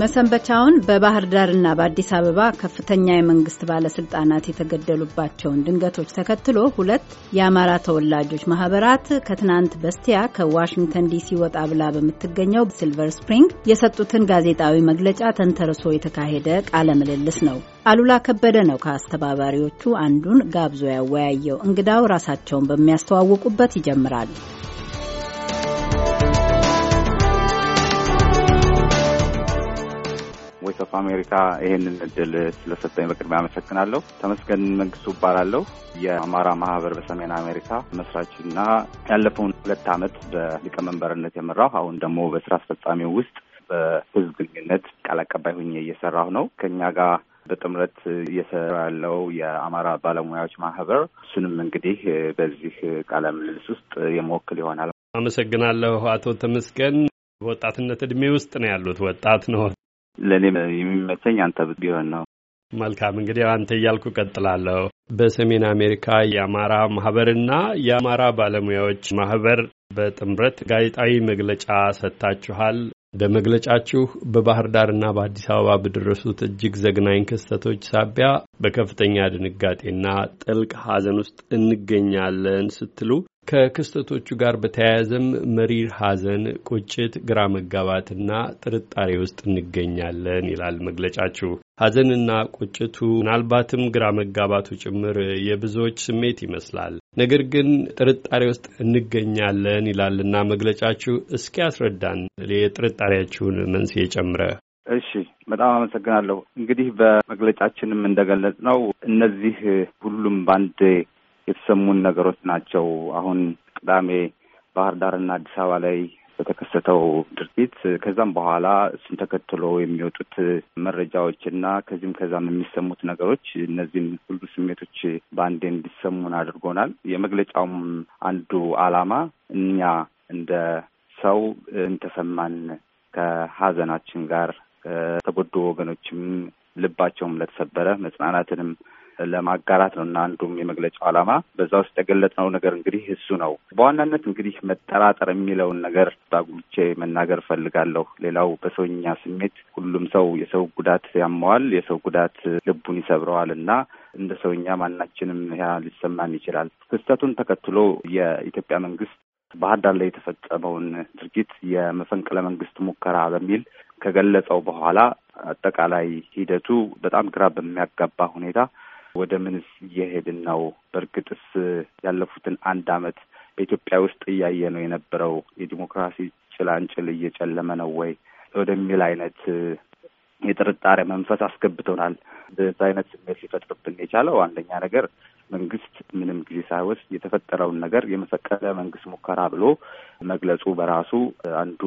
መሰንበቻውን በባህር ዳርና በአዲስ አበባ ከፍተኛ የመንግስት ባለስልጣናት የተገደሉባቸውን ድንገቶች ተከትሎ ሁለት የአማራ ተወላጆች ማህበራት ከትናንት በስቲያ ከዋሽንግተን ዲሲ ወጣ ብላ በምትገኘው ሲልቨር ስፕሪንግ የሰጡትን ጋዜጣዊ መግለጫ ተንተርሶ የተካሄደ ቃለ ምልልስ ነው። አሉላ ከበደ ነው ከአስተባባሪዎቹ አንዱን ጋብዞ ያወያየው። እንግዳው ራሳቸውን በሚያስተዋውቁበት ይጀምራል። ቮይስ ኦፍ አሜሪካ ይህንን እድል ስለሰጠኝ በቅድሚያ አመሰግናለሁ። ተመስገን መንግስቱ እባላለሁ። የአማራ ማህበር በሰሜን አሜሪካ መስራችና ያለፈውን ሁለት አመት በሊቀመንበርነት የመራሁ አሁን ደግሞ በስራ አስፈጻሚው ውስጥ በህዝብ ግንኙነት ቃል አቀባይ ሁኜ እየሰራሁ ነው። ከኛ ጋር በጥምረት እየሰራ ያለው የአማራ ባለሙያዎች ማህበር እሱንም እንግዲህ በዚህ ቃለ ምልልስ ውስጥ የመወክል ይሆናል። አመሰግናለሁ አቶ ተመስገን። በወጣትነት እድሜ ውስጥ ነው ያሉት። ወጣት ነው ለእኔ የሚመቸኝ አንተ ቢሆን ነው። መልካም እንግዲህ አንተ እያልኩ ቀጥላለሁ። በሰሜን አሜሪካ የአማራ ማህበርና የአማራ ባለሙያዎች ማህበር በጥምረት ጋዜጣዊ መግለጫ ሰጥታችኋል። በመግለጫችሁ በባህር ዳርና በአዲስ አበባ በደረሱት እጅግ ዘግናኝ ክስተቶች ሳቢያ በከፍተኛ ድንጋጤና ጥልቅ ሐዘን ውስጥ እንገኛለን ስትሉ ከክስተቶቹ ጋር በተያያዘም መሪር ሐዘን፣ ቁጭት፣ ግራ መጋባትና ጥርጣሬ ውስጥ እንገኛለን ይላል መግለጫችሁ። ሐዘንና ቁጭቱ ምናልባትም ግራ መጋባቱ ጭምር የብዙዎች ስሜት ይመስላል። ነገር ግን ጥርጣሬ ውስጥ እንገኛለን ይላልና መግለጫችሁ። እስኪ ያስረዳን የጥርጣሬያችሁን መንስኤ ጨምረ። እሺ፣ በጣም አመሰግናለሁ። እንግዲህ በመግለጫችንም እንደገለጽ ነው እነዚህ ሁሉም በአንድ የተሰሙን ነገሮች ናቸው። አሁን ቅዳሜ ባህር ዳርና አዲስ አበባ ላይ በተከሰተው ድርጊት ከዛም በኋላ እሱን ተከትሎ የሚወጡት መረጃዎችና ከዚህም ከዛም የሚሰሙት ነገሮች እነዚህን ሁሉ ስሜቶች በአንዴ እንዲሰሙን አድርጎናል። የመግለጫውም አንዱ ዓላማ እኛ እንደ ሰው እንተሰማን ከሀዘናችን ጋር ከተጎዱ ወገኖችም ልባቸውም ለተሰበረ መጽናናትንም ለማጋራት ነው እና አንዱም የመግለጫው ዓላማ በዛ ውስጥ የገለጽነው ነገር እንግዲህ እሱ ነው። በዋናነት እንግዲህ መጠራጠር የሚለውን ነገር አጉልቼ መናገር እፈልጋለሁ። ሌላው በሰውኛ ስሜት ሁሉም ሰው የሰው ጉዳት ያመዋል፣ የሰው ጉዳት ልቡን ይሰብረዋል እና እንደ ሰውኛ ማናችንም ያ ሊሰማን ይችላል። ክስተቱን ተከትሎ የኢትዮጵያ መንግስት ባህር ዳር ላይ የተፈጸመውን ድርጊት የመፈንቅለ መንግስት ሙከራ በሚል ከገለጸው በኋላ አጠቃላይ ሂደቱ በጣም ግራ በሚያጋባ ሁኔታ ወደ ምንስ እየሄድን ነው? በእርግጥስ ያለፉትን አንድ አመት በኢትዮጵያ ውስጥ እያየ ነው የነበረው የዲሞክራሲ ጭላንጭል እየጨለመ ነው ወይ ወደሚል አይነት የጥርጣሬ መንፈስ አስገብቶናል። በዚ አይነት ስሜት ሊፈጥርብን የቻለው አንደኛ ነገር መንግስት ምንም ጊዜ ሳይወስድ የተፈጠረውን ነገር የመሰቀለ መንግስት ሙከራ ብሎ መግለጹ በራሱ አንዱ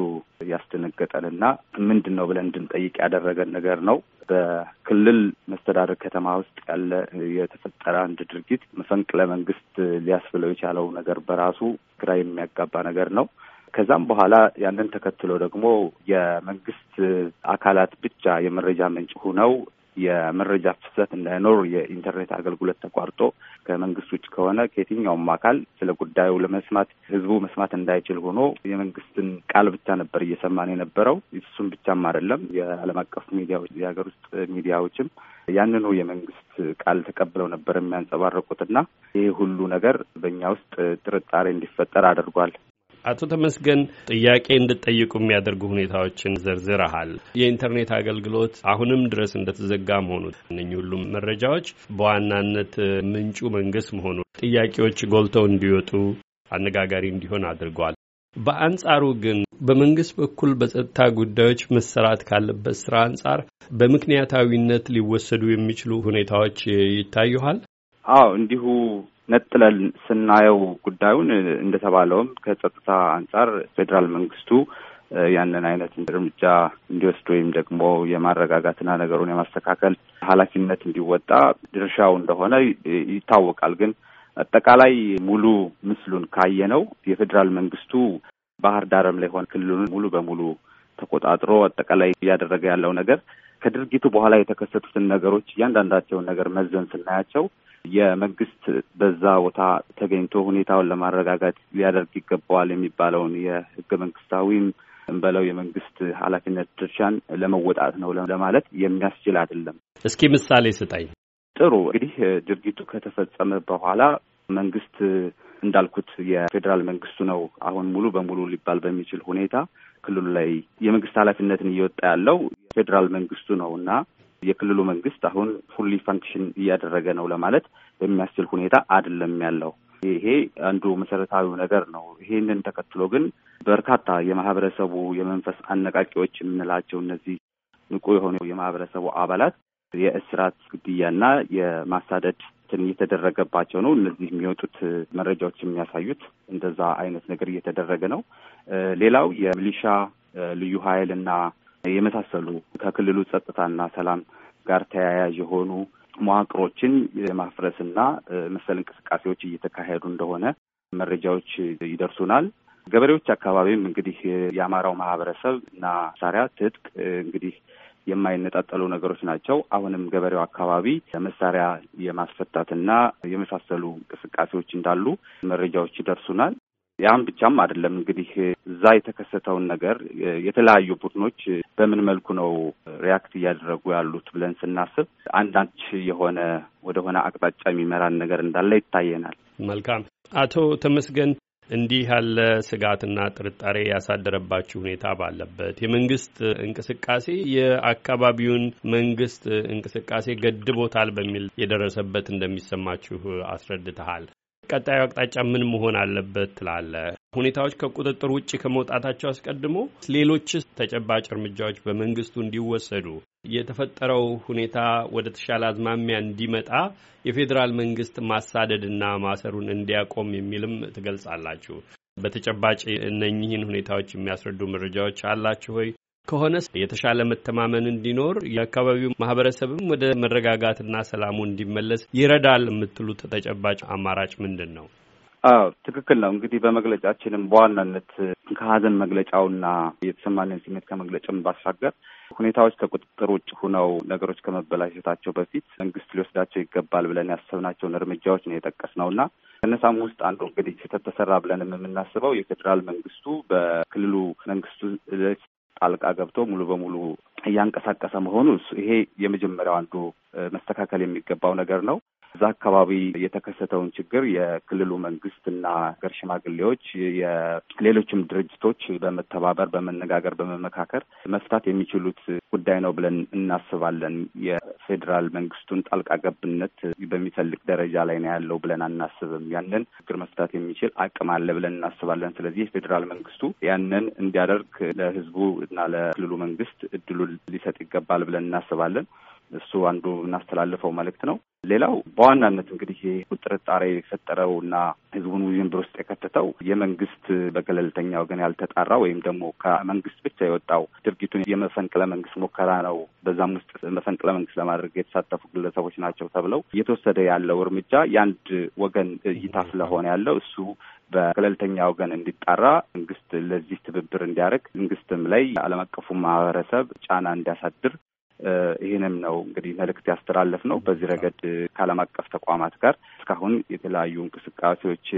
ያስደነገጠንና ምንድን ነው ብለን እንድንጠይቅ ያደረገን ነገር ነው። በክልል መስተዳደር ከተማ ውስጥ ያለ የተፈጠረ አንድ ድርጊት መፈንቅለ መንግስት ሊያስብለው የቻለው ነገር በራሱ ግራ የሚያጋባ ነገር ነው። ከዛም በኋላ ያንን ተከትሎ ደግሞ የመንግስት አካላት ብቻ የመረጃ ምንጭ ሆነው የመረጃ ፍሰት እንዳይኖር የኢንተርኔት አገልግሎት ተቋርጦ ከመንግስት ውጭ ከሆነ ከየትኛውም አካል ስለ ጉዳዩ ለመስማት ህዝቡ መስማት እንዳይችል ሆኖ የመንግስትን ቃል ብቻ ነበር እየሰማን የነበረው። እሱም ብቻም አይደለም፣ የዓለም አቀፍ ሚዲያዎች፣ የሀገር ውስጥ ሚዲያዎችም ያንኑ የመንግስት ቃል ተቀብለው ነበር የሚያንጸባረቁትና ይህ ሁሉ ነገር በእኛ ውስጥ ጥርጣሬ እንዲፈጠር አድርጓል። አቶ ተመስገን ጥያቄ እንድጠይቁ የሚያደርጉ ሁኔታዎችን ዘርዝረሃል። የኢንተርኔት አገልግሎት አሁንም ድረስ እንደተዘጋ መሆኑ እነኚህ ሁሉም መረጃዎች በዋናነት ምንጩ መንግስት መሆኑ ጥያቄዎች ጎልተው እንዲወጡ አነጋጋሪ እንዲሆን አድርጓል። በአንጻሩ ግን በመንግስት በኩል በጸጥታ ጉዳዮች መሰራት ካለበት ስራ አንጻር በምክንያታዊነት ሊወሰዱ የሚችሉ ሁኔታዎች ይታዩሃል? አዎ እንዲሁ ነጥለን ስናየው ጉዳዩን እንደተባለውም ከጸጥታ አንጻር ፌዴራል መንግስቱ ያንን አይነት እርምጃ እንዲወስድ ወይም ደግሞ የማረጋጋትና ነገሩን የማስተካከል ኃላፊነት እንዲወጣ ድርሻው እንደሆነ ይታወቃል። ግን አጠቃላይ ሙሉ ምስሉን ካየነው የፌዴራል መንግስቱ ባህር ዳርም ላይ ሆነ ክልሉን ሙሉ በሙሉ ተቆጣጥሮ አጠቃላይ እያደረገ ያለው ነገር ከድርጊቱ በኋላ የተከሰቱትን ነገሮች እያንዳንዳቸውን ነገር መዘን ስናያቸው የመንግስት በዛ ቦታ ተገኝቶ ሁኔታውን ለማረጋጋት ሊያደርግ ይገባዋል የሚባለውን የህገ መንግስታዊም እንበለው የመንግስት ኃላፊነት ድርሻን ለመወጣት ነው ለማለት የሚያስችል አይደለም። እስኪ ምሳሌ ስጠኝ። ጥሩ እንግዲህ ድርጊቱ ከተፈጸመ በኋላ መንግስት እንዳልኩት የፌዴራል መንግስቱ ነው አሁን ሙሉ በሙሉ ሊባል በሚችል ሁኔታ ክልሉ ላይ የመንግስት ኃላፊነትን እየወጣ ያለው ፌዴራል መንግስቱ ነው እና የክልሉ መንግስት አሁን ፉሊ ፋንክሽን እያደረገ ነው ለማለት በሚያስችል ሁኔታ አይደለም ያለው። ይሄ አንዱ መሰረታዊው ነገር ነው። ይሄንን ተከትሎ ግን በርካታ የማህበረሰቡ የመንፈስ አነቃቂዎች የምንላቸው እነዚህ ንቁ የሆኑ የማህበረሰቡ አባላት የእስራት ግድያና የማሳደድ እየተደረገባቸው ነው። እነዚህ የሚወጡት መረጃዎች የሚያሳዩት እንደዛ አይነት ነገር እየተደረገ ነው። ሌላው የሚሊሻ ልዩ ኃይል እና የመሳሰሉ ከክልሉ ጸጥታና ሰላም ጋር ተያያዥ የሆኑ መዋቅሮችን የማፍረስና መሰል እንቅስቃሴዎች እየተካሄዱ እንደሆነ መረጃዎች ይደርሱናል። ገበሬዎች አካባቢም እንግዲህ የአማራው ማህበረሰብ እና መሳሪያ ትጥቅ እንግዲህ የማይነጣጠሉ ነገሮች ናቸው። አሁንም ገበሬው አካባቢ መሳሪያ የማስፈታትና የመሳሰሉ እንቅስቃሴዎች እንዳሉ መረጃዎች ይደርሱናል። ያን ብቻም አይደለም እንግዲህ እዛ የተከሰተውን ነገር የተለያዩ ቡድኖች በምን መልኩ ነው ሪያክት እያደረጉ ያሉት ብለን ስናስብ አንዳች የሆነ ወደሆነ አቅጣጫ የሚመራን ነገር እንዳለ ይታየናል። መልካም አቶ ተመስገን እንዲህ ያለ ስጋትና ጥርጣሬ ያሳደረባችሁ ሁኔታ ባለበት የመንግስት እንቅስቃሴ የአካባቢውን መንግስት እንቅስቃሴ ገድቦታል በሚል የደረሰበት እንደሚሰማችሁ አስረድተሃል። ቀጣዩ አቅጣጫ ምን መሆን አለበት ትላለ ሁኔታዎች ከቁጥጥር ውጭ ከመውጣታቸው አስቀድሞ ሌሎች ተጨባጭ እርምጃዎች በመንግስቱ እንዲወሰዱ የተፈጠረው ሁኔታ ወደ ተሻለ አዝማሚያ እንዲመጣ የፌዴራል መንግስት ማሳደድና ማሰሩን እንዲያቆም የሚልም ትገልጻላችሁ። በተጨባጭ እነኚህን ሁኔታዎች የሚያስረዱ መረጃዎች አላችሁ ሆይ? ከሆነ የተሻለ መተማመን እንዲኖር የአካባቢው ማህበረሰብም ወደ መረጋጋትና ሰላሙ እንዲመለስ ይረዳል የምትሉት ተጨባጭ አማራጭ ምንድን ነው? አዎ ትክክል ነው። እንግዲህ በመግለጫችንም በዋናነት ከሀዘን መግለጫውና የተሰማንን ስሜት ከመግለጫም ባሻገር ሁኔታዎች ከቁጥጥር ውጭ ሆነው ነገሮች ከመበላሸታቸው በፊት መንግስት ሊወስዳቸው ይገባል ብለን ያሰብናቸውን እርምጃዎች ነው የጠቀስነው እና ከነሳም ውስጥ አንዱ እንግዲህ ስህተት ተሰራ ብለንም የምናስበው የፌዴራል መንግስቱ በክልሉ መንግስቱ ጣልቃ ገብቶ ሙሉ በሙሉ እያንቀሳቀሰ መሆኑ ይሄ የመጀመሪያው አንዱ መስተካከል የሚገባው ነገር ነው። አካባቢ የተከሰተውን ችግር የክልሉ መንግስትና ሀገር ሽማግሌዎች የሌሎችም ድርጅቶች በመተባበር በመነጋገር በመመካከር መፍታት የሚችሉት ጉዳይ ነው ብለን እናስባለን። የፌዴራል መንግስቱን ጣልቃ ገብነት በሚፈልግ ደረጃ ላይ ነው ያለው ብለን አናስብም። ያንን ችግር መፍታት የሚችል አቅም አለ ብለን እናስባለን። ስለዚህ የፌዴራል መንግስቱ ያንን እንዲያደርግ ለህዝቡ እና ለክልሉ መንግስት እድሉን ሊሰጥ ይገባል ብለን እናስባለን። እሱ አንዱ እናስተላልፈው መልእክት ነው። ሌላው በዋናነት እንግዲህ ጥርጣሬ የፈጠረው እና ህዝቡን ውዥንብር ውስጥ የከተተው የመንግስት በገለልተኛ ወገን ያልተጣራ ወይም ደግሞ ከመንግስት ብቻ የወጣው ድርጊቱን የመፈንቅለ መንግስት ሙከራ ነው፣ በዛም ውስጥ መፈንቅለ መንግስት ለማድረግ የተሳተፉ ግለሰቦች ናቸው ተብለው እየተወሰደ ያለው እርምጃ የአንድ ወገን እይታ ስለሆነ ያለው እሱ በገለልተኛ ወገን እንዲጣራ መንግስት ለዚህ ትብብር እንዲያደርግ መንግስትም ላይ ዓለም አቀፉ ማህበረሰብ ጫና እንዲያሳድር ይህንም ነው እንግዲህ መልእክት ያስተላለፍ ነው። በዚህ ረገድ ከዓለም አቀፍ ተቋማት ጋር እስካሁን የተለያዩ እንቅስቃሴዎች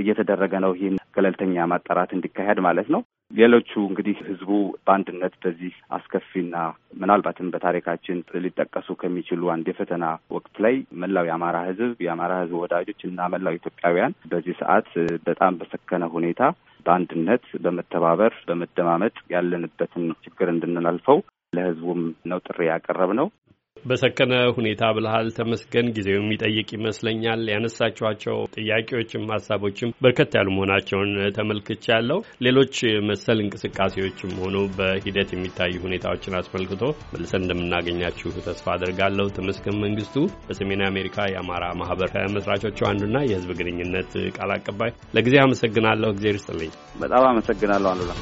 እየተደረገ ነው። ይህን ገለልተኛ ማጣራት እንዲካሄድ ማለት ነው። ሌሎቹ እንግዲህ ህዝቡ በአንድነት በዚህ አስከፊና ምናልባትም በታሪካችን ሊጠቀሱ ከሚችሉ አንድ የፈተና ወቅት ላይ መላው የአማራ ህዝብ፣ የአማራ ህዝብ ወዳጆች እና መላው ኢትዮጵያውያን በዚህ ሰዓት በጣም በሰከነ ሁኔታ በአንድነት በመተባበር በመደማመጥ ያለንበትን ችግር እንድንላልፈው ለህዝቡም ነው ጥሪ ያቀረብ ነው። በሰከነ ሁኔታ ብልሃል ተመስገን። ጊዜው የሚጠይቅ ይመስለኛል። ያነሳችኋቸው ጥያቄዎችም ሀሳቦችም በርከት ያሉ መሆናቸውን ተመልክቻለሁ። ሌሎች መሰል እንቅስቃሴዎችም ሆኑ በሂደት የሚታዩ ሁኔታዎችን አስመልክቶ መልሰን እንደምናገኛችሁ ተስፋ አድርጋለሁ። ተመስገን መንግስቱ በሰሜን አሜሪካ የአማራ ማህበር መስራቾቹ አንዱና የህዝብ ግንኙነት ቃል አቀባይ፣ ለጊዜ አመሰግናለሁ። እግዜር ይስጥልኝ። በጣም አመሰግናለሁ አሉላ